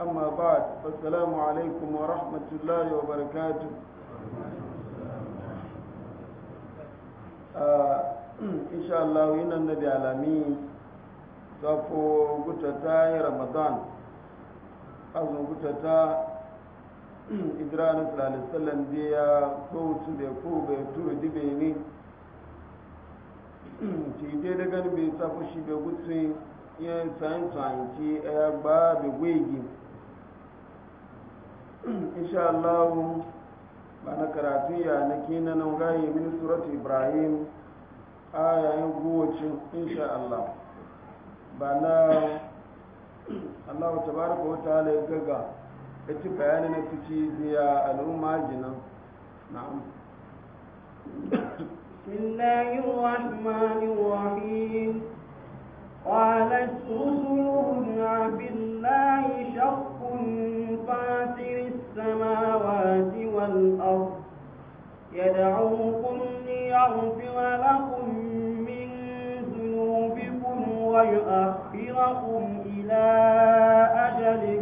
أما بعد فالسلام عليكم ورحمة الله وبركاته إن شاء الله إن النبي العالمين تفو قتتا رمضان أظن قتتا إدرانا صلى الله عليه وسلم دي قوت دي قوبة تو دي بيني تيدي دي غنبي تفو شي بي قتسي yin tsanci a ya gba bai gwegi insha Allah ba na karatu ya na kina nan gaye min suratu Ibrahim aya yin gowacin insha Allah ba na Allah tabaraka wa ta'ala ya gaga ci bayanin na fici ziya al'umma jinan na'am بسم الله الرحمن الرحيم قالت رسلهم بالله شق فاتر السماوات والأرض يدعوكم ليغفر لكم من ذنوبكم ويؤخركم إلى أجل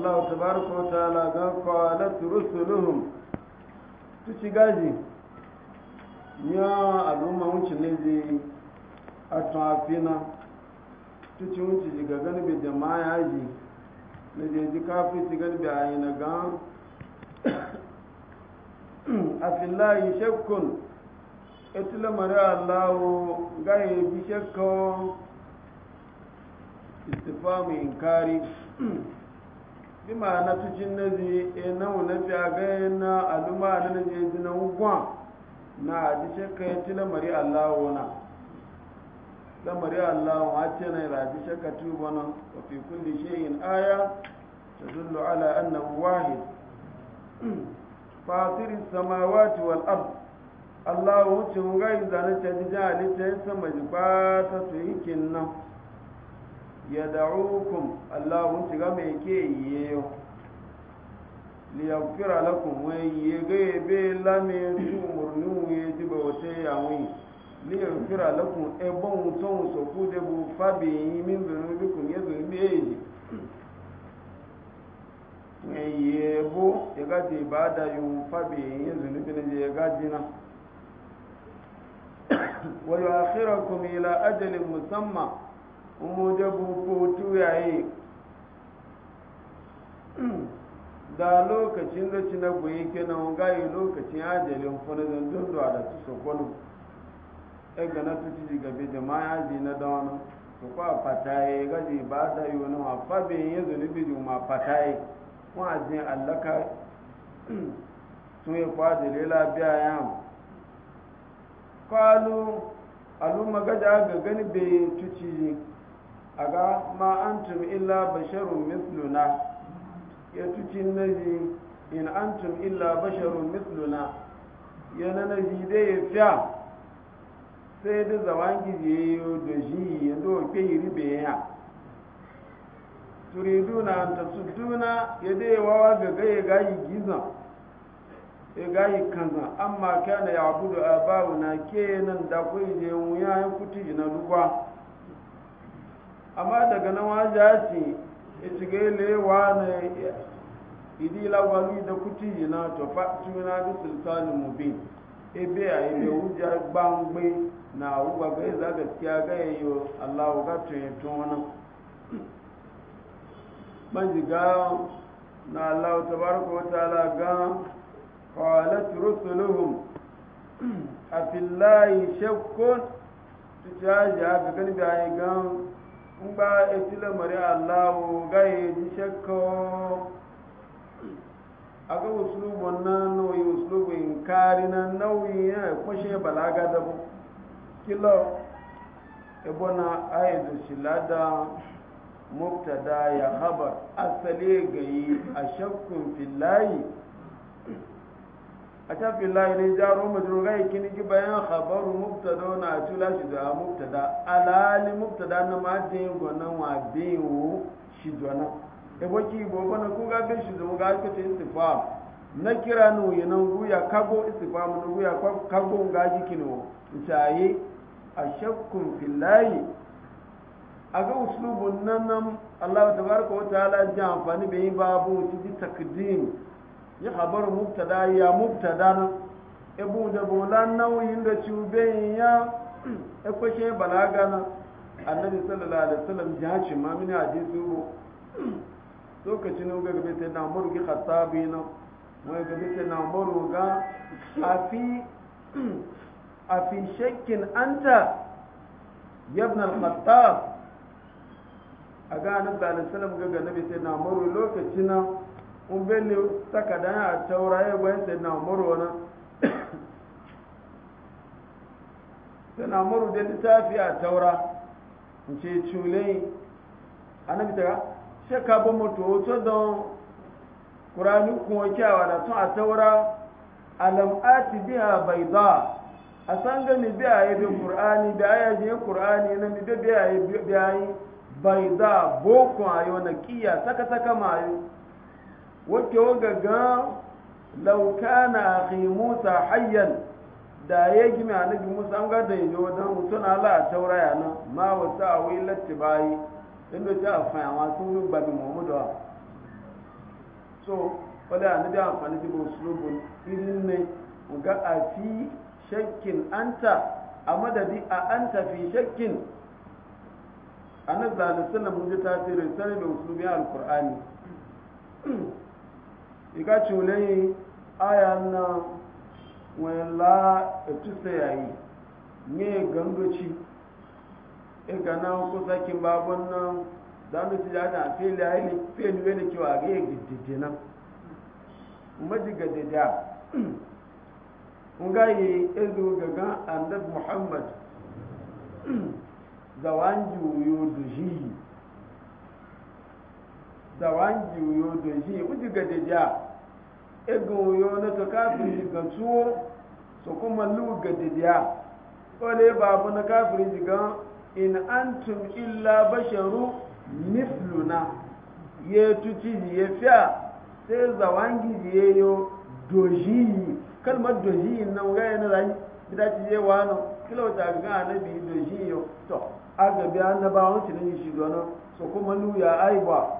Allah tabaraka wa ta'ala ga qalat rusuluhum tu ci gaji ya al'umma wuce ne ji a tafina tu ci wuce ji ga gani jama'a ya ji na je ji kafi ci gani ayi na bi na tucin na zi e na wuna fi a gayen na aluma na na je na ugwa na a ji shakka ya ci lamari allahu wana lamari Allah a ce na ya ji shakka tuba na wa fi kulli shayin aya ta dullu ala annahu wahid fatiri samawati wal ard allahu wucin gai zane ta ji jali ta yi sama ji ba ta su yi nan. ya da'ukum allahun shiga mai ke yiye yau liyafira lakum wai ya gaya be lame su murnu ya ji ba wata yawon liyafira lakum ebon ton so ku da bu fabi yi min zunubikun ya zunubi ya yi mai yebo ya gaji ba da yi fabi yi zunubi na ya gaji na wa yi akhirakun ila ajalin musamma. mmoja bụ kotu yayi hmm. da lokacin da ci na goyi kenan gayi lokacin ajalin fana zan dunduwa da su sokono e ga na tuci ji gabe ya ji na dawana su kwa fataye gaji ba da yi wani ma bin ya zunubi ji ma fataye kun ajiyar allaka hmm. sun yi biya ya yawon kwalu alumma gaja ga gani bai tuci aga ma antum illa basharun mithluna ya tuci naji in antum illa basharun mithluna yana naji dai ya fiya sai da zaman gizi ya yi da shi ya zo ke yi ribe ya duna ta suduna ya dai wawa ga gaya gayi gizan ya gayi kanza amma kana ya abu da abawuna ke nan da kwai ne wuya ya kuti na dukwa. amma daga nan waja ce ichigai lewa na idi lawali da kuti na to fatu na bi sultanin mubin ebe a ibe wuja gbangbe na wuba ga za gaskiya ga yayo Allah ga tun wannan ga na Allah tabaraka wa ala ga qalat rusuluhum afillahi shakkun tujaja ga gani bayan gan ngba etile mari allahu gaye ji shakko aga uslubun na nauyi uslubu inkari na nauyi ya eh, kwashe balaga da bu kilo na aidu shilada mubtada ya habar asali gayi a shakkun fillahi أشاف الله إن جار ومجرور كن بيان خبر مبتدا ونعتلا شدوا مبتدا ألا لمبتدا نما دين ونما دين شدونا eboki gobe na kuga bin shi zuwa ga kace istifam na kira no yanan guya kago istifam no guya kago ngaji kino aga uslubun nan Allah tabaraka wa ta'ala ji amfani bai babu ci takdim yi habar mubtada ya mubtada ibu da bolan nauyin da cube ya ekwashe balaga na annabi sallallahu alaihi wasallam ya ce ma mini hadisi ko lokacin ga gabe sai na murgi khattabi na wai gabe sai na ga afi afi shakkin anta yabna ibn al-khattab aga annabi sallallahu alaihi wasallam ga gabe sai na muru lokacin na un benne takada a taura ya bayan sai na umaru wani sai na umaru da littafi a taura in ce cule annabi ta shakka ba mutu hoto don kurani kuma kyawa da tun a taura alam'ati biya bai za a san gani biya yi bin kur'ani da yi je kur'ani na biya yi biya yi bai za boko ayo na kiya saka saka ma ayo wato gaga ga laukana akhi musa hayyan da ya gimi annabi musa an ga da yayo dan mutun Allah a tauraya nan ma wasa awi latibai inda ta fa wa sun ba bi muhammadu so wala annabi amfani da uslubun irin ne ga a fi shakkin anta a madadi a anta fi shakkin annabi sallallahu alaihi wasallam mun ji tasirin sanin da uslubi alqur'ani iga culayi aya na wela etusa yayi ne gandoci iga na kusa kin babon nan da mu ti yana fele ayi fele wele ki wa ga giddide nan maji gadida ngayi ezu gaga annabi muhammad zawanju yuduji sawan jiwuyo don shi uji gadeja ego uyo na to kafin ga tuwo su kuma lu gadeja ole babu na kafin ga in antum illa basharu misluna ye tuci ye fiya sai zawan ye yo doji kalmar doji na ga yana yi bida ci je wa kila wata ga annabi doji yo to aga bi annabawan ci shi dono so kuma lu ya aiba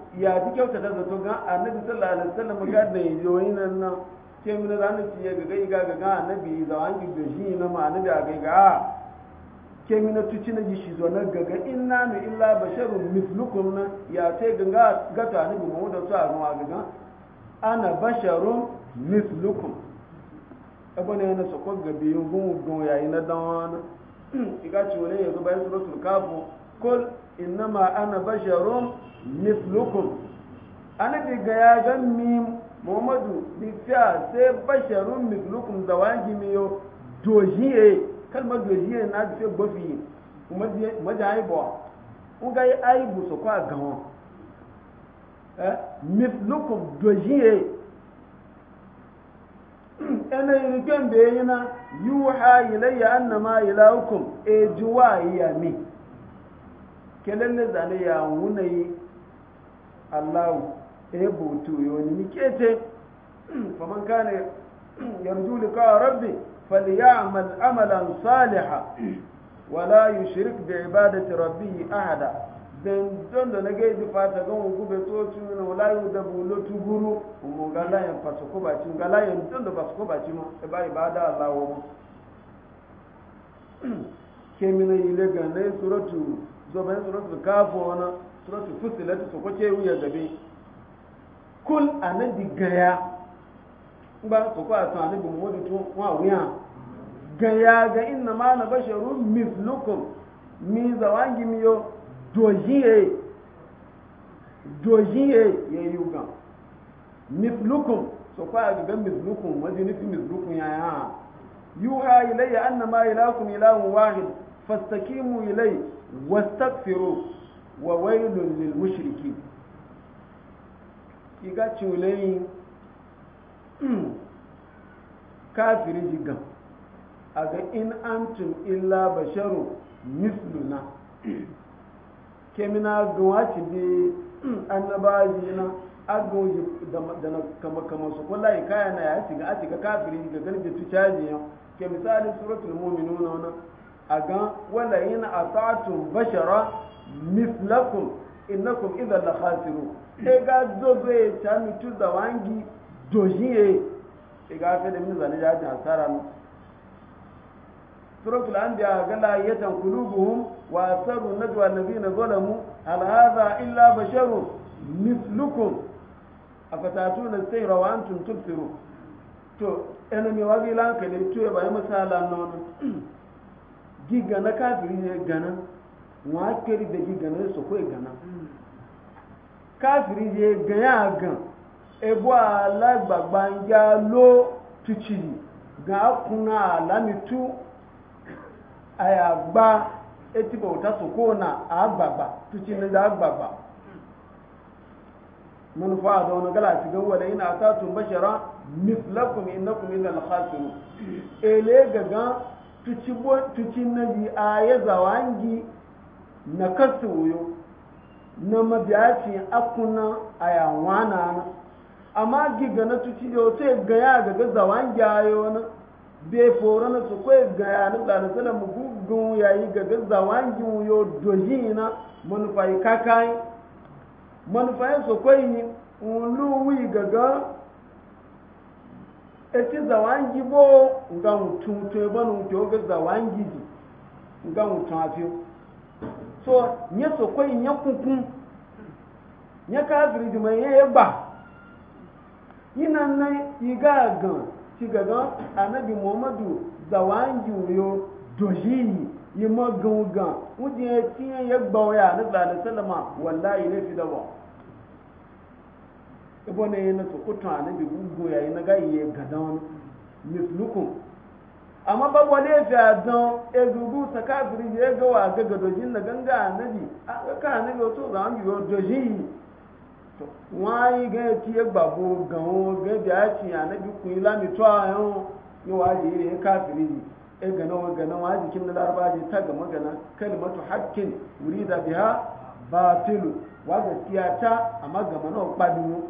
ya fi kyauta da zato ga annabi sallallahu alaihi wasallam ga da yoyi nan nan ke mun da nan ya ga gai ga ga annabi an ki da shi na ma annabi a gai ga ke mun da tuci na shi zo na ga ga inna nu illa basharun mithlukum na ya ce ga ga ga ta annabi mu da su a ruwa ga ga ana basharun mithlukum ne na sokon ga biyun gun gun yayi na dan wani iga ci wani yanzu bayan suratul kafu kul innama ana basharun mislukum anabi ga ya gan mi muhammadu bi fiya sai basharun mislukum da mi yo dojiye kalmar dojiye na fi gbafi maji aibuwa nga yi aibu su kwa gawa eh, mislukum dojiye ana yi rikin da yi na yi wuha ilayya annama ilahukum ejuwa yi mi. kelan na zane ya wunayi allahu ya eh, bautu yoni mikete faman kane yarju liqa rabbi falyamal amalan salihan wala yushrik bi ibadati yi ahada ben don da nage di fata gan ku be to tu na wala yu da bulo tuguru mu gala yan fata ko ba tin gala yan don da basko ba tin e ba ibada allah wo kemina ile ga ne suratu zo bayan suratul kafo na suratul fusilatu su kwace wuya gabe kul di gaya ba su kwa ta anabi muhammadu tun wa wuya gaya ga inna ma na basharu mislukum mi zawangi miyo dojiye dojiye ya yi yugan mislukum su kwa ga mislukum wajen nufin mislukum ya ya yuha ilayya annama ilakum ilahun wahid fastakimu ilayya wa واستغفروا وويل للمشركين iga culayin kafiri jigan a ga in antum illa basharu misluna kemina gawa ci bi annabaji na agoji da na kama kama su kula kaya na ya ci ga a ci ga kafiri jiga garbe tu caji yau ke misali suratul mu'minuna wannan a gan wala yin atatun bashara mislakum innakum idan la khasiru e ga zozo ya ta mitu da wangi dojin ya e ga fi da min zane ya ji hasara no suratul anbiya ga la yatan qulubuhum wa asaru najwa alladhina zalamu hal hadha illa basharu mislukum afatatuna sayra wa antum tubsirun to enemi lanka ne to e bayi misala nono gíganá káàkiri gana ganá wọ́n á kéré dé gíganá gana ìganá káàkiri yẹ ganyà gan ala gbagba ń já ló tuntun yìí gan akuna alámitú àyàgbá etí bọ̀wọ̀tá sọ̀kọ́ na àgbàgbà tuntun ní àgbàgbà mun fa'ada wani gala ci gan wala ina ta tun bashara mislakum innakum idhal khasirun ele ga. tuci na yi a ya zawangi na kasu wuyo na a akuna a yawa na amma giga na tuci yau ce gaya ga ga zawangi a yau wani bai fora na su kai gaya na tsari sana mugugun yayi ga ga yi wuyo doji na kakayi manufa yi su kai ni wulu wuyi gaga eti zawangi bo nga mutu mutu eba no mutu oge zawangi ji nga mutu afio so nye so ko nye kunkun, nye ka agiri di mai ye ba ina na iga gan ti gaga anabi muhammadu zawangi uyo doji yi magan gan wuje ti ye gbawo ya nabi sallallahu alaihi wasallam wallahi ne fi da ba ibo ne na tukuta na bi gugu yayi na ga iye gadan mislukum amma ba wale fi adan ezugu sakafiri ya ga wa ga gadojin na ganga annabi a ka annabi to za mu yo doji to wai ga ti e gbagbo gan ga bi a ti annabi kun la mi to ayo ni wa ji ne kafiri ji e gana wa gana wa jikin da ji ta ga magana kalmatu haqqin urida biha batilu wa gaskiya ta amma ga mana kpadiwo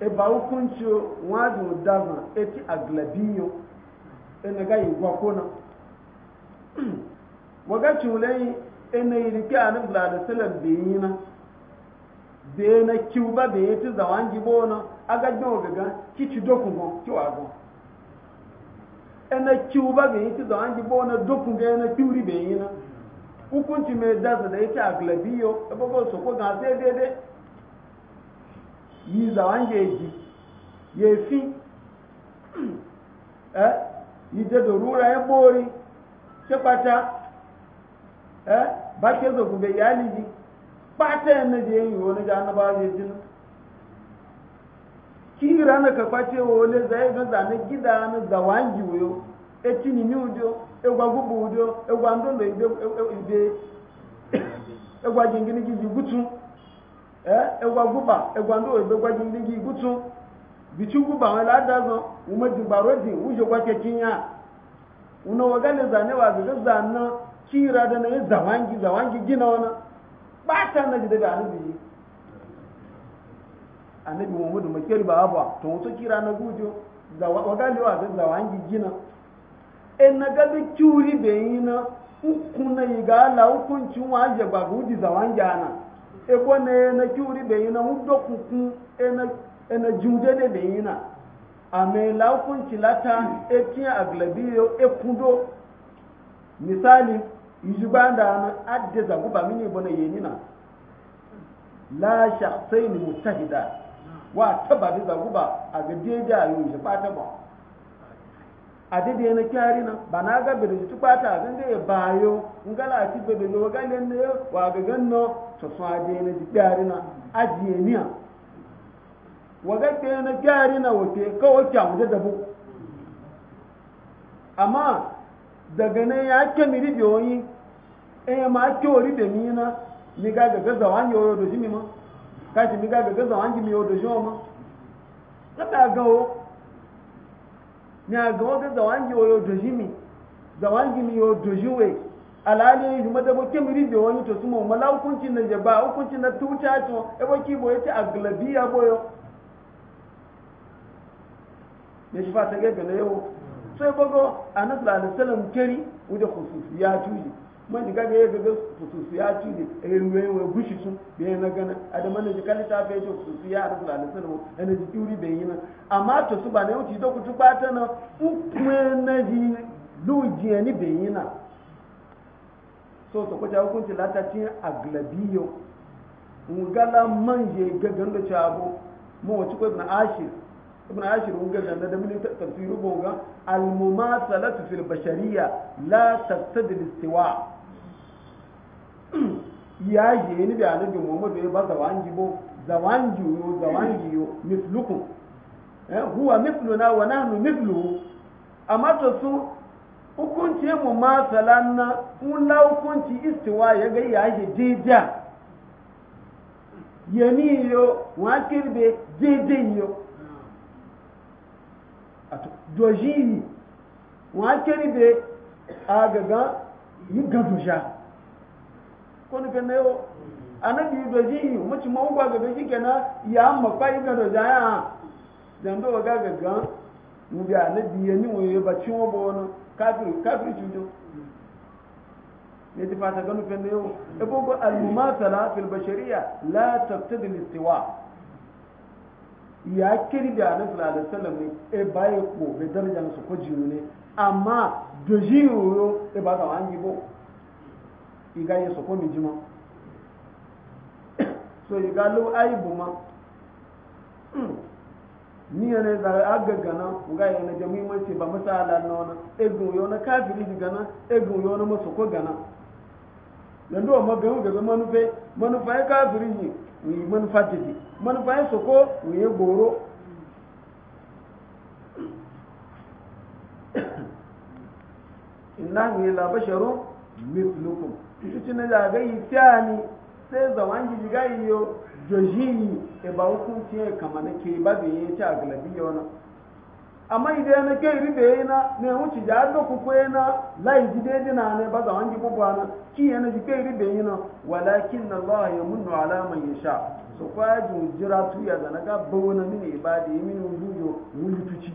eba hukunci wajen udazan eti aglabinyo ina ga yi gwakona waga culai ina yi rike a nabi ladisalar bayina na kiw ba bai yi ti zawan gibo na aga gbin ogaga kici dokun gon kiwa gon ina kiw ba bai yi ti zawan gibo na dokun ga yana kiwri bayina hukunci mai daza da yake aglabiyo ebe ko so ko ga sai yi zawange ji ya fi eh yi da dorura ya bori ṣe pata eh ba ke zo ku be yali ji pata ya na je yi wani na ba je jin ki rana ka kwace wa wani zai zane gida na zawangi wuyo e tini ni ujo e gwa gubu ujo e gwa ndondo ibe ibe e, e, e, e gwa jingini ji gutu Eh, egwa guba egwa ndị oyibo gwaji ndị gị gutu bichi guba nwere adazọ ume digbaro di gwake kinya una wagale zane wa gaga kira da na yi zawangi zawangi na wana ba a na jide da annabi yi annabi ba to wato kira na gujo wagale wa gị na ị na ị ga ala ebo na ena kiuri beyi na wudo kuku ena jude ne beyi na ame la hukunci lata etiya aglabiyo ekudo misali ijuba da na adde zagu ba mini bona yeni na la shakhsain mutahida wa taba bi zagu ba a ga deja yo je fata ba adede na kyari na bana ga bi tu fata ga ne bayo ngala ti bebe no ga ne wa ga ganno safade na ji gyari na ajiye niya wagagge na gyari na wace kawai kyamu da bu amma daga nan ya ke miri da yoyi eh ma ke wori da mi na mi ga ga gaza wani yoyo da shi ma kashi mi ga ga gaza wani mi yoyo da shi ma kada ga o ni a ga o gaza wani yoyo da shi da wani mi alani ne da boke miri da wani to su hukuncin na jaba hukuncin na tuta to e boki bo yace aglabiya boyo ne shi fata ga gane yau sai anas la tuji man diga ga ga tuji e ruwe we gushi be na gana adama ne jikali ta fe to khususiya anas la alayhi salam e ji turi be yina amma to su ba ne kutu na ukwe na ji be yina so ta kwace hukunci a gladiyo ngala manje gagan da cabo mu wace ko ibn ashir ibn ashir unga da da mun tafsiru boga al mumasalatu fil bashariya la taqtadi al istiwa ya je ni bi da muhammad ya ba zawanji bo zawanji yo zawanji yo mithlukum eh huwa mithluna wa nahnu mithluhu amma to su hukunci mu masala na nla hukunci istiwa ya ga ya shi jijiya yami yo wa kirbe jijin yo dojini wa kirbe a gaga yi gadoja ko nuka na yau anabi dojini mace ma ugwa gaga shi kenan ya makwa yi gadoja ya zambe wa gaga gan mu bi anabi bi ni wo bacin cin wani kafin kafin cuto ne ta fata gano fenda yau ibogo e al fil bashariya la tabtadi istiwa ya kiri da annabi sallallahu alaihi ne e ko be daraja su ko jiyo ne amma do jiyo e ba ta wangi bo iga ye so ko mi jima so iga lo aibu ma ni yana zare agaga nan ga yana da muhimmanci ba misala na wani egun yau na kafiri ji gana egun yau na masu ko gana yanzu wa maganin gaza manufe manufa manufa ya kafiri ne yi manufa jiki manufa ya soko yi goro inna ni la basharu mithlukum shi ne da ga yi tani sai zaman ji ga yi yo jojiyi e ba hukunci ya e kama na ke ba da yi ta galabi yana amma idan na yi na, na ne wuce da da kuku yi na, lai ji dai na ne ba za wangi ba na ki na ji kai yi na walakin Allah ya munnu ala man yasha so kwa jira tuya da naga bawana mini ibadi mini wuli wulutuci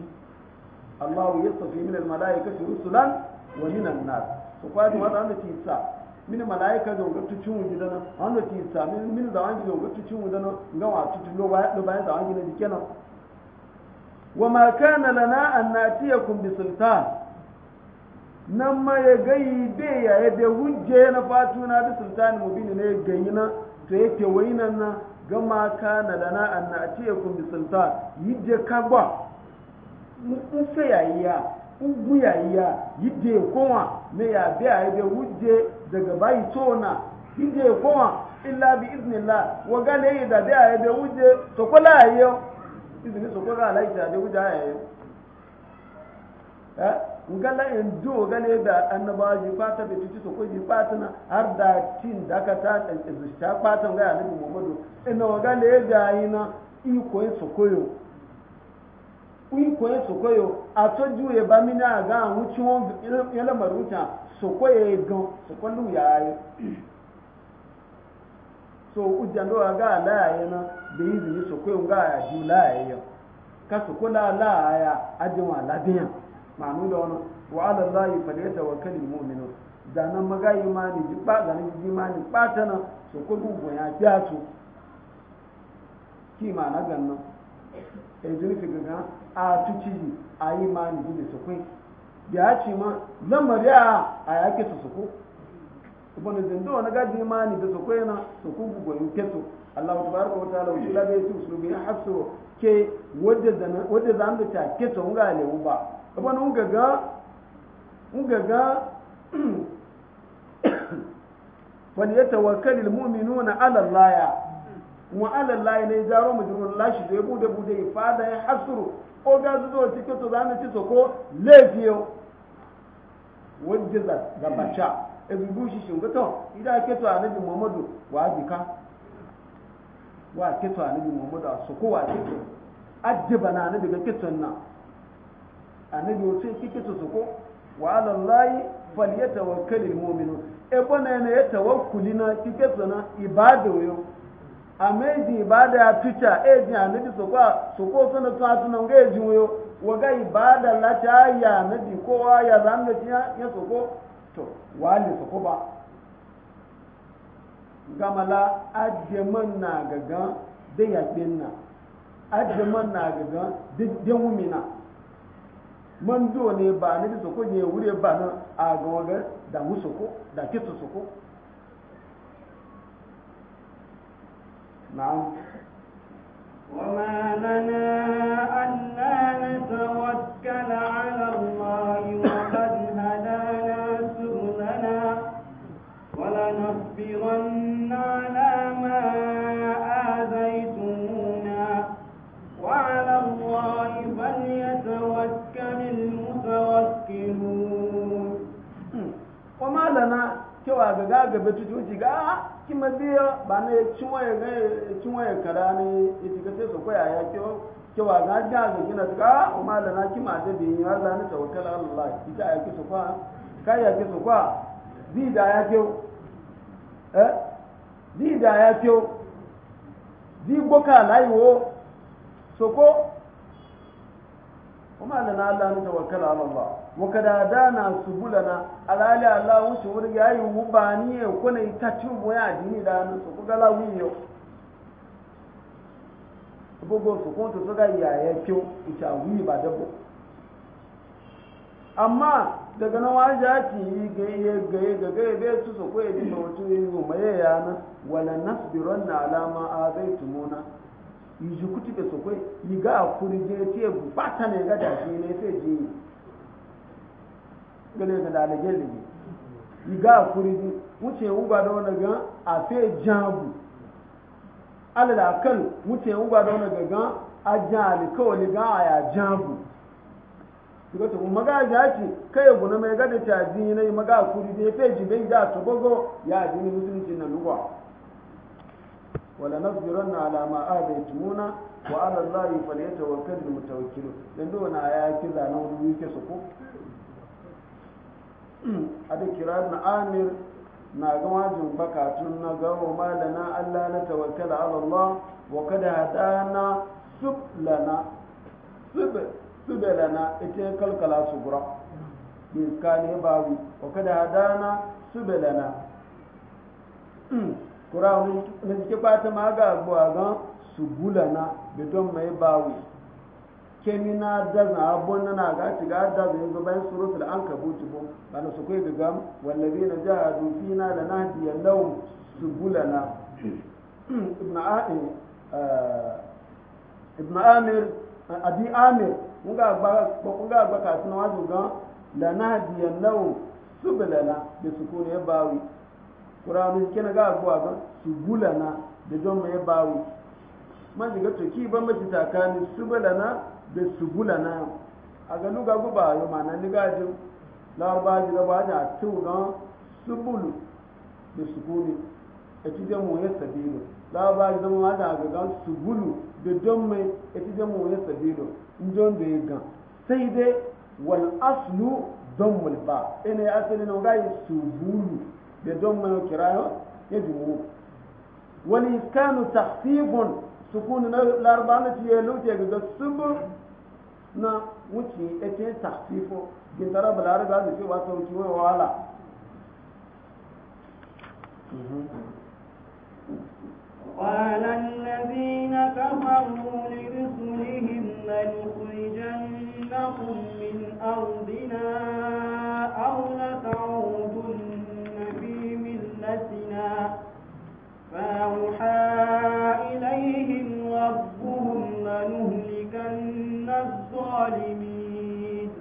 allahu ya tafi min al malaikatu rusulan wa nan na nas so kwa ji wanda ta sa. mini malaika zo ga tucin wuji dana an da ti sami mini da wani zo ga tucin wuji dana ga wa tucin lo bayan bayan da wani na kenan wa ma kana lana an natiyakum bi sultan nan ma ya gayi be ya ya be wunje na na bi sultan mubin ne gayi na to yake wainan na ga ma kana lana an natiyakum bi sultan yidde kagba mun fe yayiya ugu yayiya yidde kowa me ya be ya be wunje daga bayi tona inda ya koma illa bi iznillah wa gane yi da da ya da wuje to ko la yayo izini so ko ga la ita da wuje yayo eh ngala in do gane da annaba ji fata da titi so ko ji fata na har da tin da ka ta da ta fata ga ya nabi muhammadu ina wa gane da yi na iko so koyo iko so koyo a to juye ba mina ga an wuci won yala maruta so koyo gan su kwallo ya yi so kujan do ga la ya na da izini su unga ga ya ju la ka su kula la ya ajin labiyan manu da wani wa ala allahi falyatawakkal almu'minun da nan maga imani ji ba ga ni imani ba ta nan su kudu goya ya su ki ma na gannan e jini fi gaga a tuci a imani ji da su kwin ya ce ma lamar ya a yake su su ubanu zendo na gaji imani da sokoya na ku goyin keto Allah tabaraka wa ta'ala wuce labe su bi ya ke wadda zan da ta keto nga le uba gaga ngaga ni tawakkalul mu'minuna 'ala Allah wa 'ala Allah ne zaro Allah shi da bude bude ifada ya hasru Ko ga zuwa tiketo zamu ci soko lafiyo wajjaza za gabacha ebubu shishin gato idan keto anabi muhammadu wa jika wa keto annabi muhammadu a soko wa keto ajiba na anabi ga keton na annabi wato ya keto soko wa alallahi falyatawakkal almu'minu e bona ne ya tawakkuli na keto na ibada yo ameji ibada ya tucha eji annabi soko soko sana tun atuna ngeji yo waga ibada la ta ya anabi kowa ya zanga ya soko to wali su kuba gamala ajiyeman na gagan da yaƙin na ajiyeman na gagan da wumina man zo ne ba ni da soko ne wure ba na a da mu soko da kitu soko na'am وما لنا ألا نتوكل على الله ba ga gaga ba tutuci ga a ah, ki mabiya ba na ya ci cinwaye ga cinwaye kara ne ya ci ka sai su koya ya ki kyau cewa ga ga ga gina ka amma da na ki ma da bin ya Allah na tawakkal Allah ki ta ya ki su kwa ka ya ki su kwa bi da ya kyau eh bi da ya kyau bi boka laiwo soko amma da na Allah na tawakkal Allah muka da dana subulana alali Allah wuce wuri yayi wubani ya kuna ita tubu ya dini da nan su kuga lawi yo bugo su kun su ga yaya kyo ita wi ba dabo amma daga na waja ti yi gaye gaye ga gaye bai su su koyi bi mutu yi mu maye na wala nasbiranna ala ma azaitumuna yi jukuti be su koyi yi ga kurje te bata ne ga da ne sai ji gane da lalage da yi ga kuri ji wuce uba da wani gan a fe jabu alala kan wuce uba da wani gan a jali kawai gan a ya jabu daga to a ya ce kai ya guna mai gada ta ji na yi maga ya fe ji bai da tobago ya ji ni musulunci na lugwa wala nasbiranna ma wa ala dan na ya kiza na ada kira na amir na ga wajin bakatun na gawo malana allah na tawakkala ala allah wa kada hadana sublana sublana ita kalkala sugura bi iskani bawi wa kada hadana subelana kura ne ke fata ma ga agbo subulana bidon mai bawi kemina dazna abun na ga ci ga zai zo bayan an kabu bo bana su kai ga gam wallazina jahadu fina lanahdi yallahum subulana ibn a'in eh, eh, ibn amir abi amir mun ga ba kun ga ba ka suna wajo ga lanahdi yallahum subulana da su ko ya bawi qur'anin kina ga abuwa ga na da don mai bawi man diga to ki ban mace takani subulana da subula na a ga luga guba yau ma na niga ji larba ji da ba da tu ga subulu da subulu a da mu ya sabilu larba ji da ma da ga ga subulu da don mai e ci da mu ya sabilu in da ga sai dai wal aslu don mulba ina ya asali na subulu da don mai kirayo ya tahfifun na larba na ci ya luce ga subulu na wuce ake tafifo gintara balare ba da cewa sauki wani wahala قال الذين كفروا لرسلهم لنخرجنكم من أرضنا أو لتعودن في ملتنا فأوحى الظالمين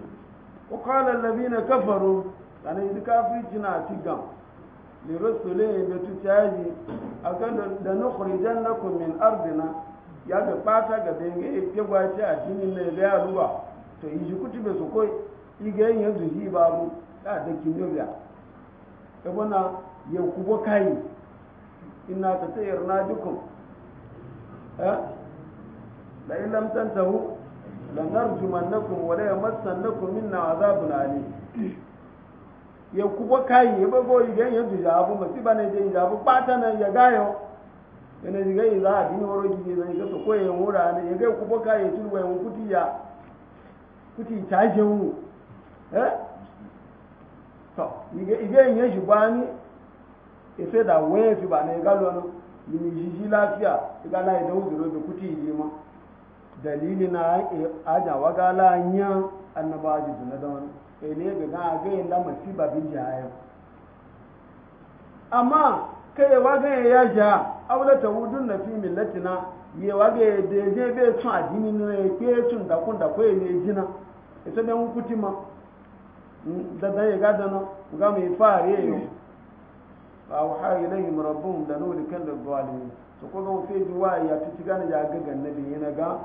وقال الذين كفروا أنا إذا كافرتنا تقام لرسله بتتاجي أقول لنخرجنكم من أرضنا ya ga fata ga benge ke gwace a jinin na ya ga ruwa to yi shi kuti bai su iga yin yanzu babu ta da kimiyyar ya bana ya kubo kayi ina ta tsayar na dukkan la ilam tantahu lanarjumannakum wa la yamassannakum minna azabun alim ye kubo kai ye bago ige ye dujabu masiba ne je jabu pata na ya gayo ene dige ila adini woro gidi ne ga to ko ya mura ne ya ga kubo kai tun wa mu kuti ya kuti ta je mu eh to ige ige ye jubani se da we fi ba ne ga lo no ni jiji lafiya ga la ida uzuro be kuti yi mo dalili na aja wagala nya annaba ji na don ele ga ga ga la masiba bin jaya amma kai waga ya ja aula tawudun na fi millatina ye waga de je be tun adini ne ke tun da kun da ko ne jina ita da hukuti ma hmm, da da ya gada na ga mai fare yo fa wa ilayhim rabbuhum lanulikan lidh-dhalimin to ko ga fi ji ya tuti gane ya ga gannabi yana ga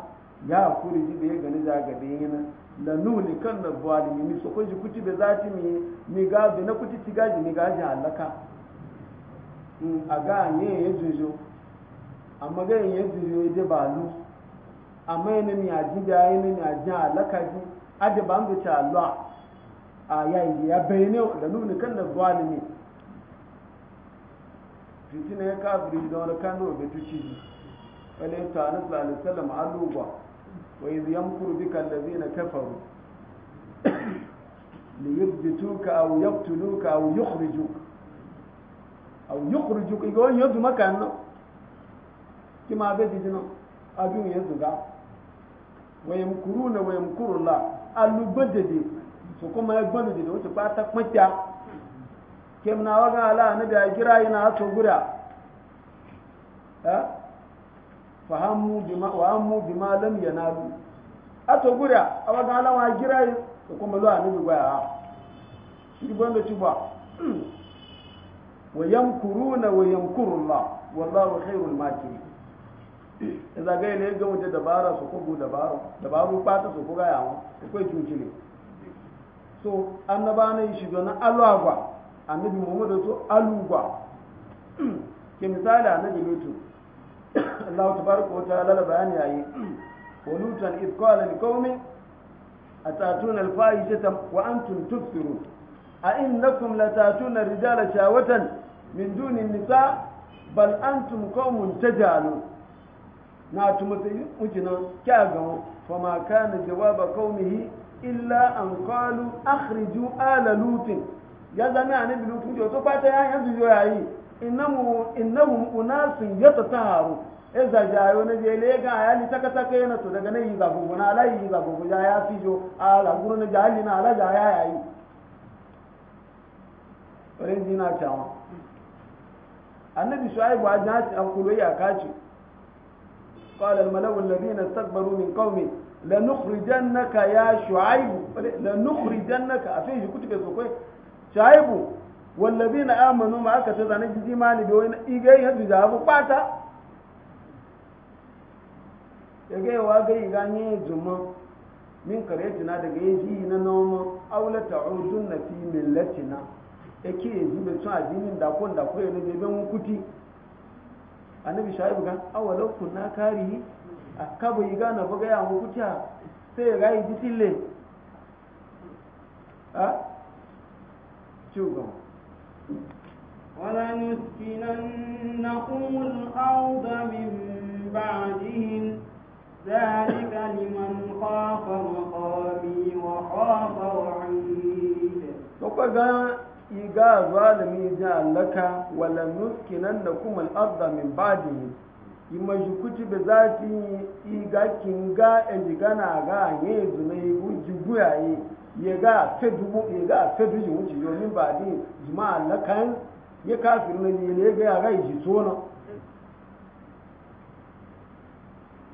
ya kuri ji da ya gani za ga da yana la nuni kan na zalimi mi so kun ji kuti da ti mi mi gaji na kuti ti gaji mi gaji halaka hmm, a ga ne ya jujo amma ga ya jujo ya de balu amma yana a ji da yana a ji halaka ji da ba mu ta Allah a yayi ya bayyane da nuni kan na zalimi fitina ya kafiri da wani kano bai tuci wani ta nasu alisalam alugwa Wa idiyon kurubi kalla biyu na tefawa. Likito ka awi yaɓa tulu, ka awi yukuri juki. Awu yukuri juki, ma kanna. Kiman a bai yanzu za? Wai nkuru ne la? Allu ba daɗi, sokoma ya gbali daɗi, ko atakma cak. Ke na yi wa ala, na biya a jira a yi fahammu bima wa ammu bima lam yanalu ato gura awa ala wa girai ko kuma lo anu gwa ha shi da tuba wa yamkuruna wa yamkuru Allah wallahu khairul makirin idza ga ne ga da dabara su ko dabaro dabaru ta su ko ga yawo su e ko ne so annaba ne shi don alwa annabi Muhammadu to alugwa ke misali annabi Lutu Allah tabaraka wa ta'ala da bayani yayi wulutan id qala liqaumin atatuna alfahishata wa antum tufsirun a innakum latatuna rijala shawatan min duni nisa bal antum qaumun tajalun na tumutai ujina kya gawo fama kana jawaba qaumihi illa an qalu akhriju ala lutin ya zama annabi lutun jo to pata ya yanzu yo yayi innahum unasun yatataharu eza jayo na je le ga ayali li taka taka yana to daga nayi ga gugu na alai yi ga gugu ya ya jo a la guru na jahali na ala ja ya yayi ren jina na tawa annabi shuaibu a jati an kulo ya kaci qala al malaw alladhina istakbaru min qaumi lanukhrijannaka ya shuaibu lanukhrijannaka afi kutuke sokoi shuaibu wallabi na amanu ma aka ta zane jiji ma ni biyo iga yi hadu da abu kwata ya ga yawa ga yi ganye juma min kareti na daga ya ji na noma aula ta'udun na fi millatina yake yi ji bai tun addinin da kun da ko yana da ben kuti annabi shaibu ga awalau na karihi akabu yi gana ba ga ya hukuti sai ya ga yi ji a ciwo ولنسكننكم الأرض من بعدهم ذلك لمن خاف مقامي وخاف وعيد فقد iga ظالمي جاء لك ولنسكننكم الأرض من بعدهم Ima shi kuci yi za da yi iga kinga e jigana ga ne zunai guji guyaye ya ga ta dubu ya ga ta wuce domin ba din jima'a na kan ya kafin na ne ya ga ya ga ji tsona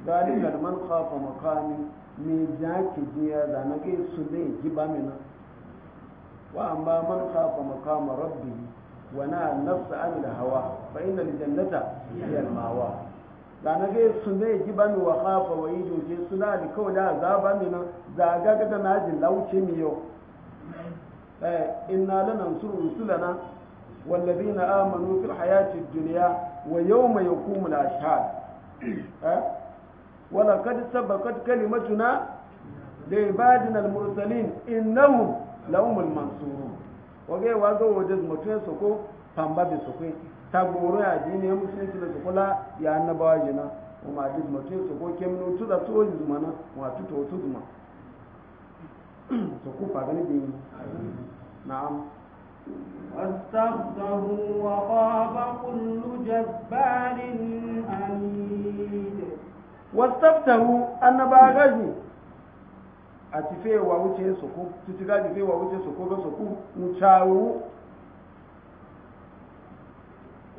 dalil man khafa maqami me jaki jiya da na kai su ne ji ba na wa amma man khafa maqama rabbi wa na nafsa an hawa fa inna al jannata hiya al mawa zana gai su ne ji wa hafa wa yi joje suna da kawai da za zaga ga na ji lauce mi yau eh, inna lanan su rusulana wallazina amanu fil hayati dunya wa yawma yaqumu al ashhad eh, wa laqad sabaqat kalimatuna li ibadina al mursalin innahum lahum al mansurun wa gai ga wajen mutunsa ko pamba bi su ta goro ya dini ya musulunci da kula ya annabawa jina kuma hadis mutum su ko kem no tuda to zuma na wato tuto to zuma to ku fa gani bin na'am واستغفروا وخاب كل جبار عنيد واستفتحوا أن باغاجي أتفي ووجه سكو تتغادي في ووجه سكو بسكو نشاو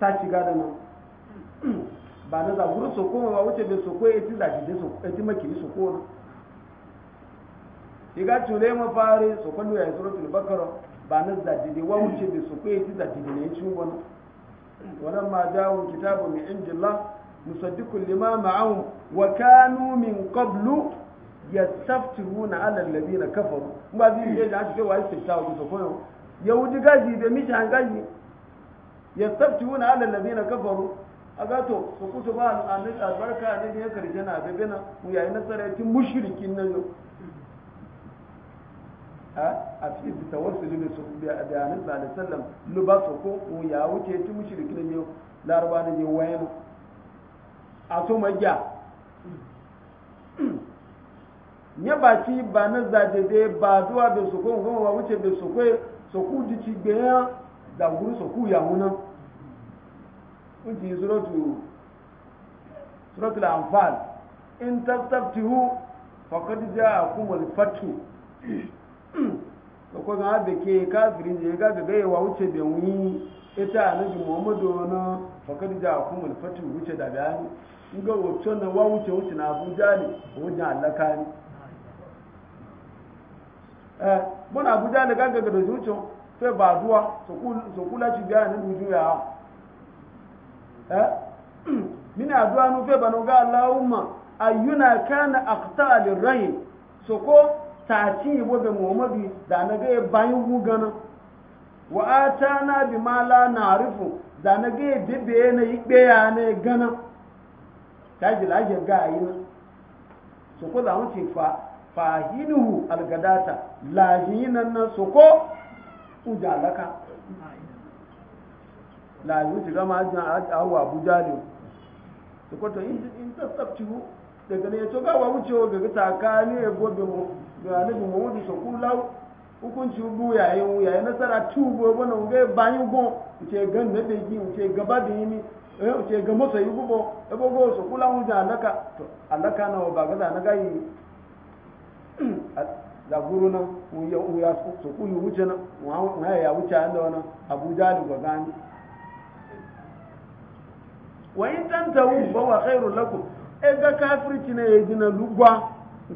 ta shiga da nan ba na zaburu so ba wuce bai soko ya ci zaji da so ya ti makiri so ko na shiga cule ma fari so kwallo ya zuro tul bakara ba na zaji da wa wuce bai soko ya ci zaji da ya ci wani wannan ma jawo kitabu min jilla musaddiqul lima ma'ahum wa kanu min qablu alal labi na kafaru ba zai je da shi wa yi wuce so yau yahudi gaji da mishan gaji yastaftiuna ala allazina kafaru aga to su kutu ba an albarka ne da ya karje na ga bina mu yayi nasaratin mushrikin nan no a a fi tawassul ne su bi adani sallallahu alaihi wasallam lu ba su ko mu ya wuce ti mushrikin ne larba ne wayan a to majja nya ba ci ba na zadede ba duwa da su ko mu ba wuce da su ko su ku ji ci gbe da guru su ku ya mu nan kuji suratul anfal in tastaftihu faqad ja'akum ko ke kafirin je ga ga wuce be wi ita annabi muhammadu na faqad wuce da bayani in ga wato na wa wuce wuce na abuja ne allaka ne eh mun abuja ne ga ga da wuce sai ba duwa ci bayani Eh? min addu'a nu fe banu ga Allahumma ayyuna kana aqta lirrahim so ko ta ci bo be Muhammadu da na ga bayin gugana wa atana ma la na'rifu da na ga bibe na ikpe ya na gana ta ji laje ga yi so da mu ci fa fahinuhu algadata lajinan na soko ko ujalaka la wuce gama ajin awa abuja ne su kwato in tsaftafihu daga ne ya to gawa wucewa ga taka ne ya gobe mu ga nabi muhammadu hukunci bu yayin ya nasara tubo bana ya bayan go ce gan na begi ce gaba da yini eh ga masa yi gubo e bogo so kula alaka to alaka na ba ga na gai da guru na mu so wuce na ya wuce wa in tantahu fa wa khairul lakum e ga kafiri ne ya dina lugwa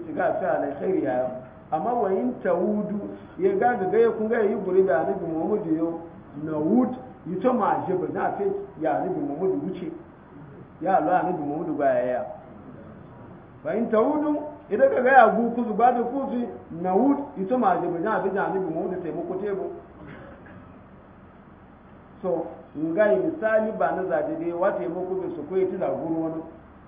ti ga fi ala khairi ya amma wa in tawudu ya ga ga ya kun ga yi guri da ni Muhammadu yo na wud yi to ma je ba na fe ya ni Muhammadu wuce ya Allah annabi Muhammadu ba ya ya fa in tawudu idan ka ga ya gu kuzu ba da kuzu na wud yi to ma je ba na fe ya ni Muhammadu te tebo so ngai misali ba na zaje dai wata yamo ku su koyi ti zaguru wani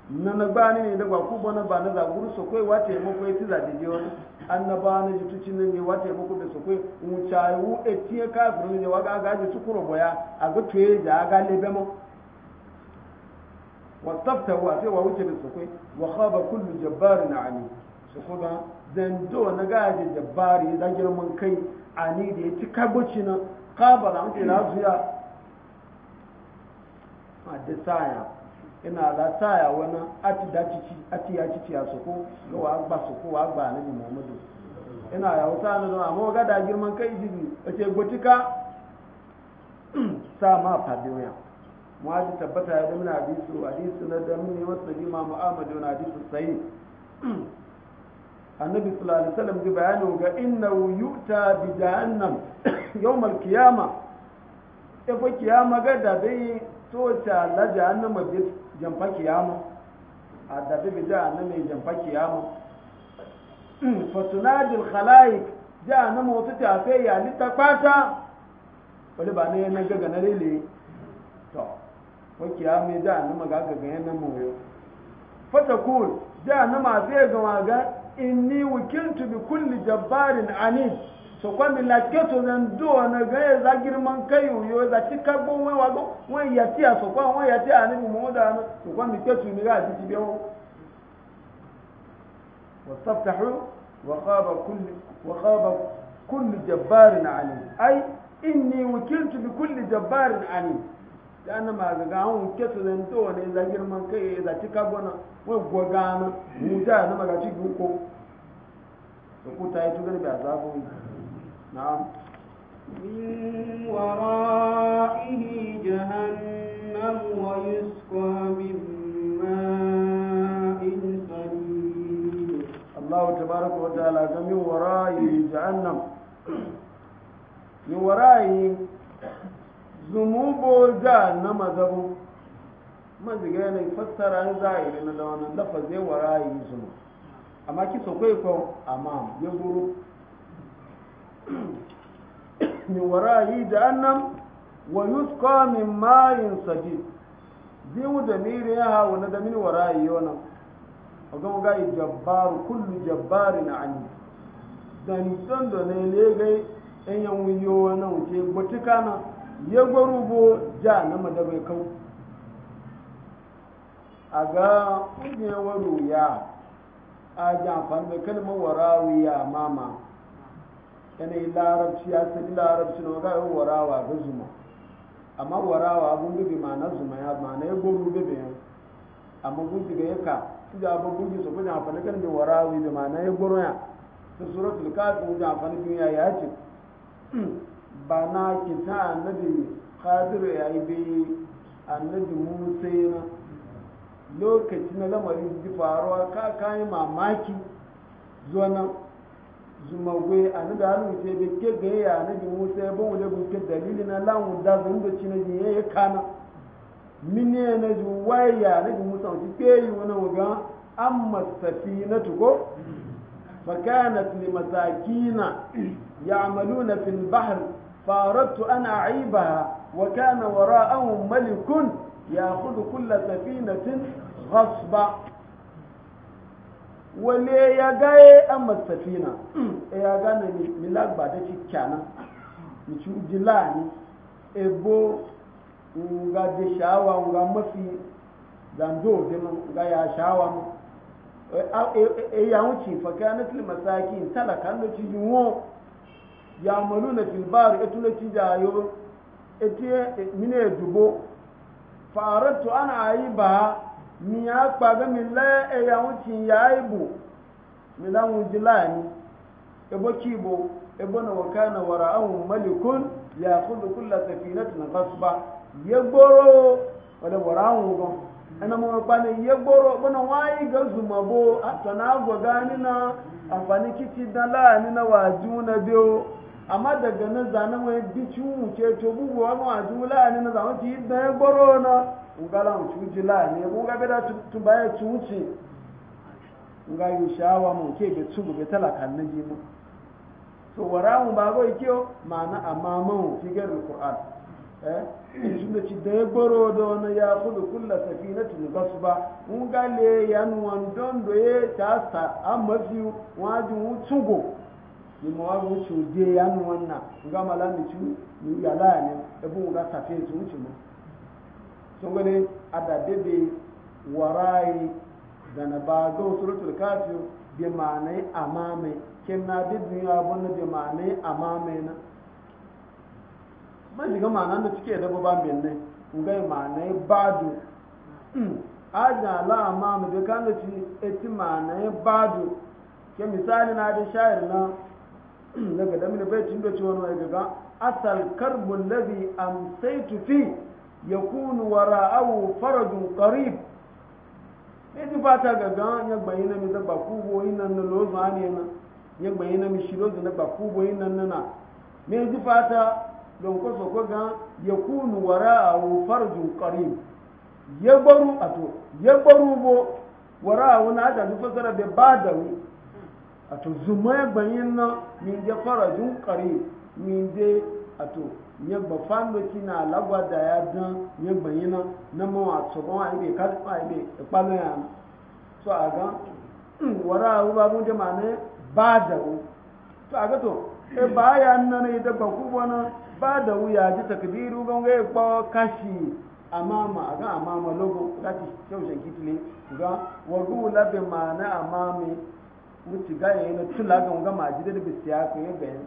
na na ba ne da ba na ba na zaguru su koyi wata yamo ku ti zaje dai wani an na ba jitu cinin ne wata yi ku su koyi mu chai wu etie ka furu ne wa ga su kuro boya a ga tuye da ga lebe mo wastaftahu wa sai wa wuce da su koyi wa khaba kullu jabbarin ani su kuma do na gaji jabbari da girman kai ani da ya ci kagoci na kabala an na zuya. a saya ina la saya wani ati da cici ati ya cici ya soko ga wa gba soko wa gba ni muhammadu ina ya wuta na don amma ga da girman kai jiji wace gotika sa ma fadiyoya mu ji tabbata ya zama hadisu hadisu na da mun ne wasu jima muhammadu na hadisu sai annabi sallallahu alaihi wasallam ji bayani ga innahu yuta bi jahannam yawmal qiyamah e fa kiyama ga da bai to ta la jahannama bi jamfa kiyama a dabi bi jahannama jamfa kiyama fa tunadi al khalaiq jahannama wata ta fe ya lita kwata wani ba ne na gaga na lele to ko kiyama jahannama ga gaga yana mu yo fa takul jahannama fe ga inni wukiltu bi kulli jabbarin anid so kwami la keto na ndo na ga za girman kai yo za ci kagbo wen wa go wen ya ti aso kwa so ti wa kulli wa khaba kulli jabbarin Ali ai inni wukiltu bi kulli jabbarin alim dan ma ga ga hun keto na ndo na za girman kai za na wen go ga na mu da na ma ga ko ko ko ta yi a bi azabu نعم من ورائه جهنم ويسقى من ماء سمين الله تبارك وتعالى من ورائه جهنم من ورائه zumubo jahannama zabo man ziga yanayi fassara an zahiri na da wannan lafazin warayi zuma amma kisa kwaikwayo amma ya min warayi jahannam wa yusqa min ma'in sajid biyu da miri ya hawo na da min warayi yonan a gama gayi jabbaru kullu jabbarin ani dan don da ne legai yan yan wuyo wannan wuce batika na ya gwarubo ja na madabai kau a ga kungiyar waruya a jamfan da kalmar warawiya mama yanayin larabci ya sani larabci na ga warawa ga zuma amma warawa abun ma na zuma ya na ya goro gudu ya amma gudu shiga ya ka tija abin gudu su kun amfani kan da warawi da na ya goro ya ta k'a kafin kun amfani kan ya ya ce ba na kita annabi khadiru ya yi bai annabi musa na, lokaci na lamarin ji faruwa ka kayi mamaki zuwa nan zumagwe da hannun sai bai ke gaye ya anabi musa ya ban wule gunke dalili na lamun da zan da ci na ji ya yi kana ya na ji waye ya anabi musa wani ke yi wani waga an masafi na tuko fakanat li masakina ya'maluna fin bahar faradtu an a'ibaha wa kana wara'ahum malikun ya'khudhu kulla safinatin ghasba wale ya gaye a masafina e ya gane milag ba da ci kyana mi ci jila ebo nga de shawa nga mafi zando de nga ya shawa mu e, e, e ya wuce fa kana til masakin talakan e na ci yuwo ya maluna fil bar etu na ci da yo etiye mine dubo faratu ana ayi ba mi ya kpaga mi la eya wuci ya ibu mi la wuji lani ebo kibo ebo na wakana wara awon malikun ya kudu kula safinatin gasba ya gboro wala wara awon gan ana mo pa ne ya gboro bana wayi ga zuma bo atana gwa gani na amfani kiti dan lani na waju na biyo amma daga nan zanen wani bicin wuce to bugu wani waju lani na zama ti yi da ya gboro na ngala mchuji la ne bunga beda tumbaye tuuci nga yushawa mu ke be tsugu be talaka na jimu so waramu ba go ikiyo mana amamu figar alquran eh shunda ci da goro do na ya khudu kullu safinatin gasba nga le yan wandon do ye ta sa amafiu waju tsugu ni mo wa go chuje yan wanna nga malami chu ni yala ne ebu nga safe tsugu mu sogole ada da warai da na ba zo suratul kafir bi ma'anai amame kin na bi duniya bunna bi ma'anai amame na man shiga ma'anan da cike da baban bin ne ugai ma'anai badu hmm. aja la amame da kan da ci eti ma'anai badu ke misali na da shayar na daga hmm. da mini bai cin da ci wani ga asal karbul ladhi amsaytu fi yakun wara'ahu farajun qarib ne ti fata gaga ya gbayi na mi da ba kubo yin nan na lozo ne na ya gbayi na mi shi lozo na ba kubo yin nan na ne ti fata don ko so ko ga yakun wara'ahu farajun qarib ya baru ato ya baru bo da badawi na min min ato nyagba fando kina lagwa da ya dan nyagba yina na ma a tsogon a ibe ka tsogon a ibe ikpalo ya so a ga hmm, wara a ruba mun jama ne ba da wu to a ga to e ba ya nana yi dabba ku bona ba da wu ya ji takdiru ga ga e ikpa kashi amama a ga amama logo lati shaushen kitile ga wagu labe ma na amami wuce ga yayin tulagan ga majidar bisiya ko yin bayan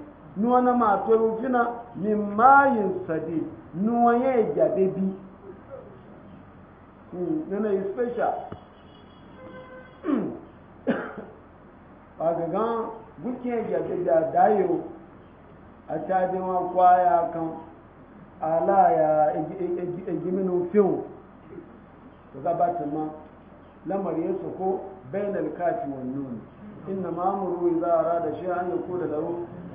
nuwa na mato rufina min mayin sade nuwa ya yi gyaɗe bi hmm, nana yi special a gagan gukiyar gyaɗe da dayo a cajin kwaya kan ala ya egiminu fiyo ta gabatin ma lamar yesu ko bainal kafi wannan inna ma'amuru za a rada shi an yi ko da daru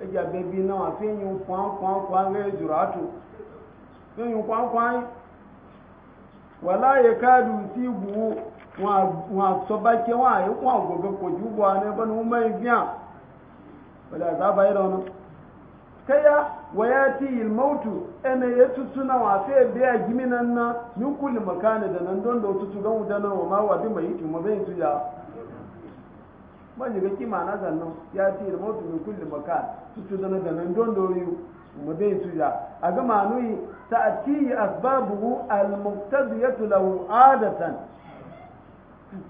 ẹjà bẹbí náà àfi yín kwankwankwan rẹ jùrọ àtò fi yín kwankwan wà láàyè káàdù tí ìbù wọn àtọ́bá kí wọn àyíkún àgbọ̀gbẹ̀ kò jù bọ̀ àná ẹgbẹ́ ni wọ́n mẹ́rin bí àn pẹ̀lú àzába yìí kaya kẹ́yà wọ́yá tí ìlmọ́tù ẹnẹ yẹ tutu náà wọ́n àfẹ́ bí àjímí náà ní kúlì mọ̀kánì na tutu ma ya. ma yi gaki ma na zannan ya ce da mawutu min kulli maka su ci zana da nan don doriyu mu bai su ya a ga yi ta ati ci asbabu al-muqtadiyatu lahu adatan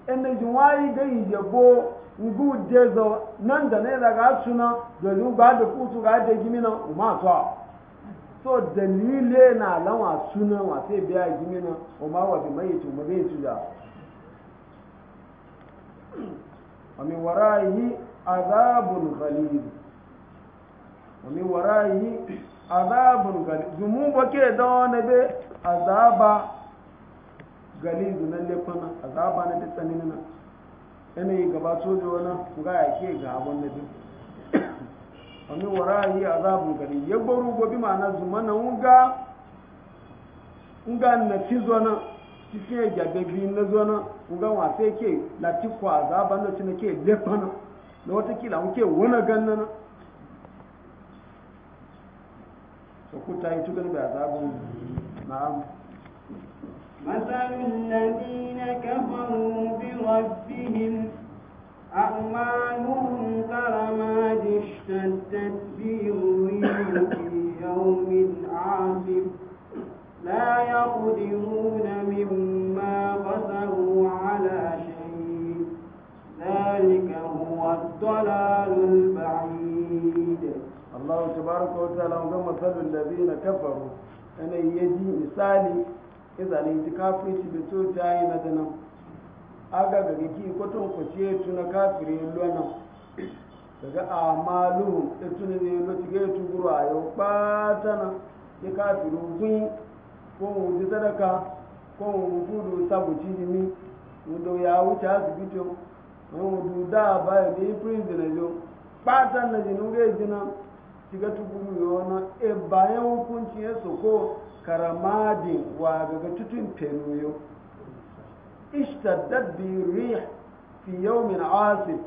in da jinwayi ga yi jabo ngu je zo nan da ne daga suna da lu ba da kutu ga gimi na gimina umma to so dalile na lawa suna wa sai biya gimina umma wa bi mai to mu bai su ya ومن ورائه عذاب غليظ ومن ورائه عذاب غليظ جموع كده نبي عذاب غليظ نلفنا عذاب أنا تتنيننا أنا يقبضوا جونا وقاعد كي قابون نبي ومن ورائه عذاب غليظ يبرو بما نزمنا ونقا ونقا نفيزونا cikin gyabe biyu na zona kuga sai ke lati kwaza banda cina ke lefana na watakila muke wani ganna so ku ta yi tukan da azabun na'am مثل الذين كفروا بربهم أعمالهم كرماد اشتدت به الريح في يوم عاصف لا يقدرون مما خسروا على شيء ذلك هو الضلال البعيد الله تبارك وتعالى وقام مثل الذين كفروا أنا يجي مثالي إذا الانتكافي تبتو تاين دنا aga ga gaki kwaton kwace tuna kafire lona daga amalu da tuna ne lotiga ya tuguru a yau ba tana ya kafiru gun ko mu sadaka ko mu gudu sabuci jimi mu do ya wuce asibiti mu du da baya ne prison jo pata na jinu ga jina shiga tukuru yona e bayan hukunci ya soko karamadi wa daga tutun penuyo ishtaddat bi rih fi yawmin asif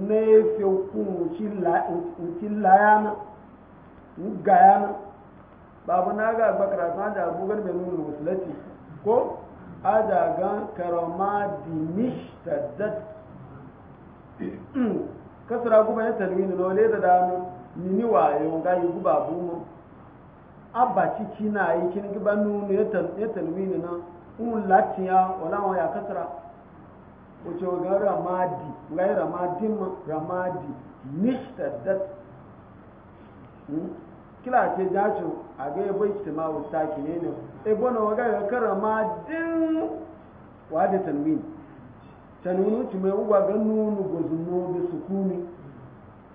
ne fi hukunci la in gayana babu na ga bakara ta da bugar mai nuna musulati ko a da ga karama dimish taddat kasara guba ya talwini na wale da damu nini wayo ga yi guba bumu abba ciki na yi kini guba nuna ya talwini na un latiya wala wa ya kasara wace ga ramadi ga ma ramadi nish taddat hmm? kila ce jacin a ga yabo ijtima wa saki ne ne e bono waga ga karama din wa da tanwin tanwin ki mai uwa ga nunu gozuno da sukuni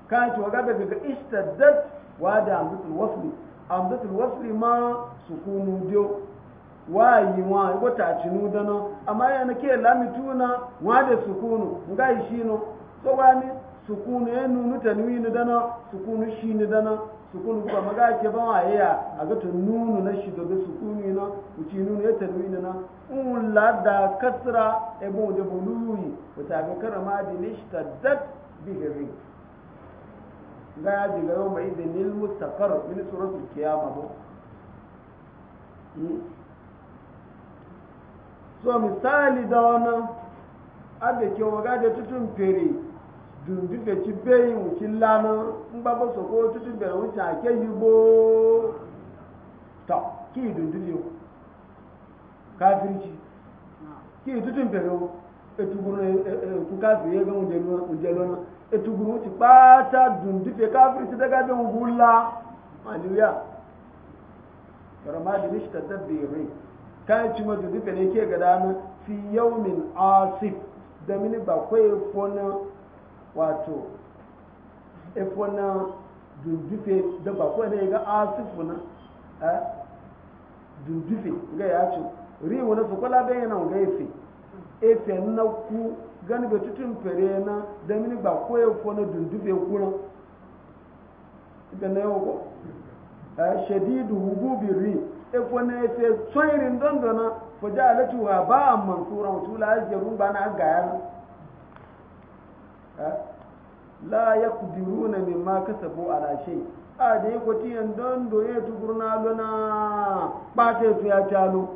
kan ci waga ga ga istaddat wa da amdatul wasli amdatul wasli ma sukunu dio wa yi wa ko ta da dana amma yana ke lamituna wa da sukunu shi no? so bani sukunu ya nunu tanwin dana sukunu da dana sukun ba maga ke ba ma yaya a ga nunu na shi daga sukuni na uci nunu ya tanwini na un lada kasra e bo de buluyi wa ta ga karama di nishtaddat bi hirri ga ya diga yau mai da nil mustaqar min suratul qiyama bo hmm. so misali da wannan abe ke waga da tutun fere dundu fɛ tsi bɛyi wòtsi lanu ŋgbà bó soko tutu bɛrɛ wòtsi ake yigbó tɔ kii dundu o kafiri tsi kii tutu o etugunu etu kafiri yɛ bɛ ŋudze na etugunu wòtsi kpaata dundu fɛ kafiri tsi dɛgɛ bɛ ŋugu la aliya yɔrɔma dini sita tɛ biiri ne kye gada na fi yewu min aasif damini wato efo na dundufe da ba ko ne ga asifu na dundufe ga ya ci riwo na su kwala na ga efe efe na ku gani ga tutun na da mini ba ko efo na dundufe kuna ga na yau ko shadidu hububi ri efo na efe tsoyirin dandana faja'alatu wa ba'an mansura wa tula ajrun bana ga yana la yaqdiruna mimma kasabu ala shay a da kwati tiyan don doye tukurna lona ba ta yi ya talo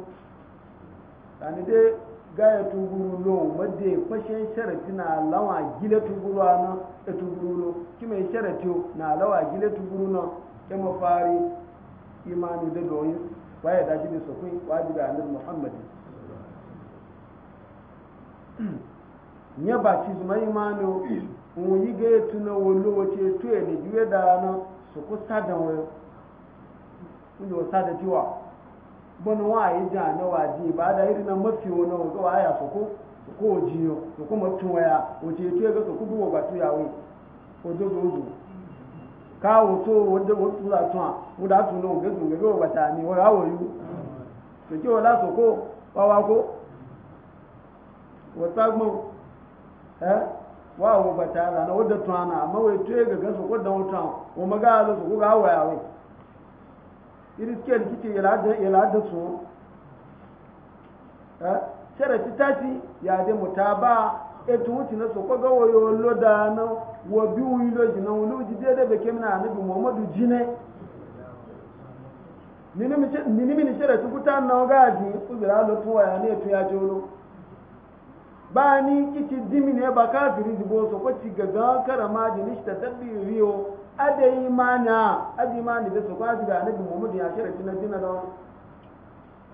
sani dai gaya tuguru lo wadda fashin sharati na lawa gile tuguru na da tuguru lo ki mai sharati na lawa gile tukuru na ya mafari imani da doyin waye da da sokoi wajibi annabi muhammad nye batizma imano wọn yi ga etu na wolo wace etu ya e, da juye da na su ku sada wayo inda wasa wa. tiwa bani wa yi ne na waje ba da iri na mafi wani wato wa ya su ku su ku ojiyo su ku mafi waya wace etu e ya ga su ku duwa batu ya wai wato zo zo ka wato wanda wato za tuwa wadda su na wuge zunga ga wata ne wa ya wayo su ce wala su ku wawa ko wata gbogbo Eh? wawo wo bata la na wadda tuana ma wai tuye ga gasu wadda wuta o maga da su ga waya wai iri ke da kike yala su eh shere ti ya de mutaba e tu wuti na so ko ga woyo lo da na wo bi wu lo na wo lo ji de de be kemna annabi muhammadu jine nini mi nini mi shere kuta kutan na ga ji ku bira lo tuwa ya ne tu jolo ba ni kici dimi ne ba kafiri jibo so ko ci gaga kara ma ji nishta tabbi riyo adai mana adi ma ni da so kwa ji ga annabi Muhammad ya shara kina dina da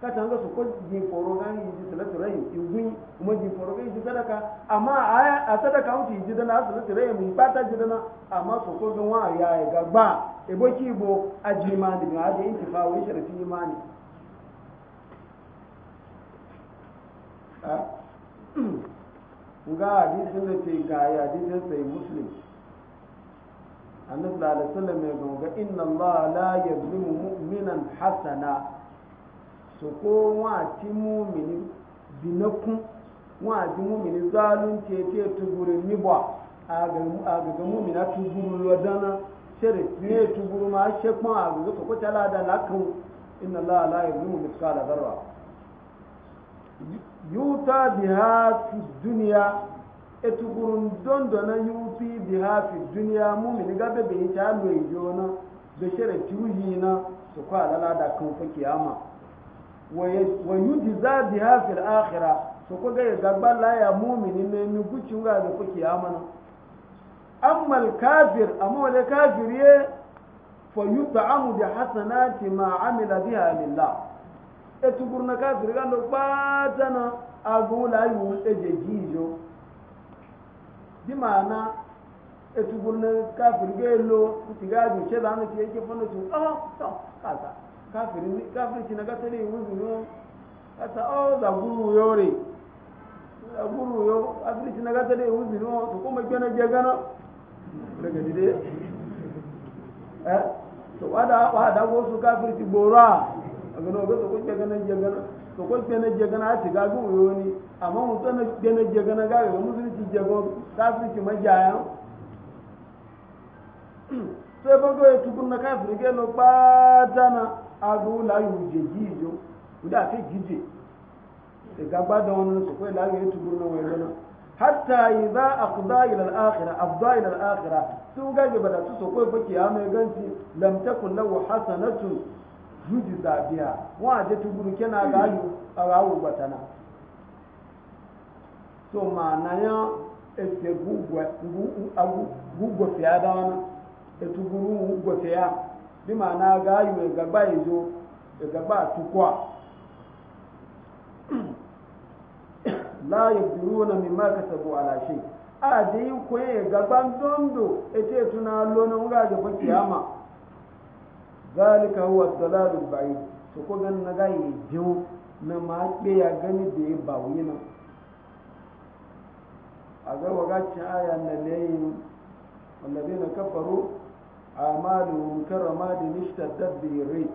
ka tanga so ko ji foro ga ni ji salatu rai igwi kuma ji foro ga ji sadaka amma a sadaka mutu ji dana salatu rai mu bata ji dana amma so ko ga wa ya ga ba ebo ki bo ajima ni ga adai intifa wa sharafi imani ah ga hadisin da ce ga hadisin sai muslim annabi sallallahu alaihi wasallam ya ga inna allaha la yazlimu mu'minan hasana so ko wa ti mu'mini binakun wa ti mu'mini zalunce ce tugurin nibwa a ga mu'mina tuguru lodana shere ne tuguru ma shekpon a ga so ko tala da lakan inna allaha la yazlimu mithqala dharra yuta biha fi duniya etukurun dondo na yuti biha fi duniya ga be be ta lo ijo na da shere tiuhi na su kwa lala da kan fa kiyama wa yujza biha fi al-akhirah su ko ga ga la ya mumini ne mi guci ga da fa kiyama na amma al-kafir amma wala kafir ye fa yut'amu bi hasanati ma amila biha lillah gurun kafir ga lo patana anyị iwu eji eji izo dị ma na etugburu na kafiri ga-elo ntiga ajụ chebe anụ ti eke fọnụ tu ọ kasa kafiri kafiri ti na gasịrị iwu zuru kasa ọ zagburu yo re zagburu yo kafiri ti na gasịrị iwu zuru ọ tukwu mekpe na je gana regedide eh to wada wada wosu kafiri ti gboro a agana ogoso kwe gana je gana to ko sai na je gana ci ga gun yoni amma mun san da na je gana ga yo musulunci je go kafirci majaya sai ban go tukun na kafiri ke no patana agu la yu je jijo da fi gije da gaba da wani su kai la yu tukun na wai gana hatta idza aqda ila al-akhirah afda ila al-akhirah su ga gaba da su so kai fa kiyama ganci lam takun lahu hasanatun juji zabiya wa je tuguru kena gayu hmm. gbata na so ma na ya ese gugwa agu gugwa fi na etuguru gugwa ya bi ma na gayu e gaba izo e, e gaba tukwa la yabduruna mimma kasabu ala alashe, a dai ko e gaban etu na tuna lona nga je ko kiyama zalika huwa dalalul ba'id to ko gan na gaye biyu na ma be ya gani da ya ba wina a ga waga cin aya na layin wallazina kafaru amaluhum da ishtaddat bihi rih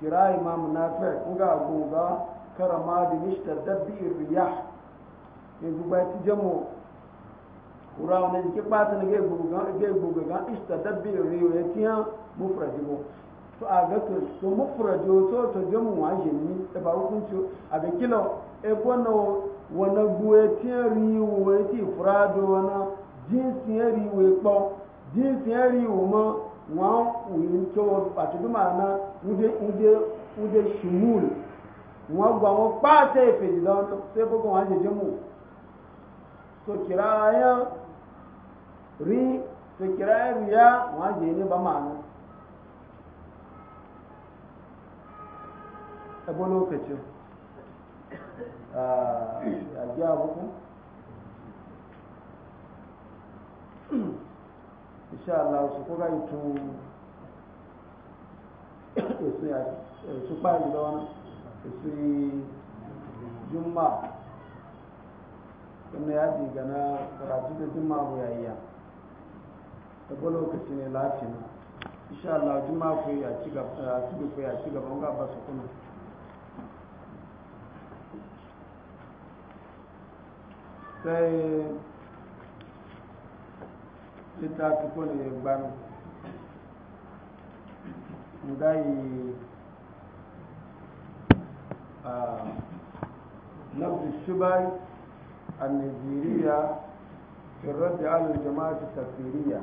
kira imam nafi' in ga goga da ishtaddat bihi riyah in guba ti jamo kura wannan ke patan ga guga ga guga ga ishtaddat bihi rih ya tiya mufradibo to a ga to to mufrajo to to jamu wa ni? e ba hukunci a ga kilo e bona wana guwe tiari wo e ti e e frado wana jinsi eri we po jinsi eri wo mo wọn wòye tó àtúndùmọ̀ náà wúdé wúdé wúdé ṣùmùlù wọn gba wọn pàṣẹ ìfèjì lọ́nà tó gbogbo wọn jẹjẹ mu. tó kìrà ayán rí tó kìrà ya yá wọn jẹ ní bàmà náà. tabo lokacin ah, a gya muku insha Allah su kuka yi tun su kpari da wani su yi juma wanda ya diga na karatu da juma bu yayya tabo lokaci ne lafiya insha Allah juma ku ya ci gaba ku ya ci gaba ga ba su kuma sai littafi ko ne gbanu yi a nafsu shubai a nigeria fi rabbi alul jama'a tafsiriya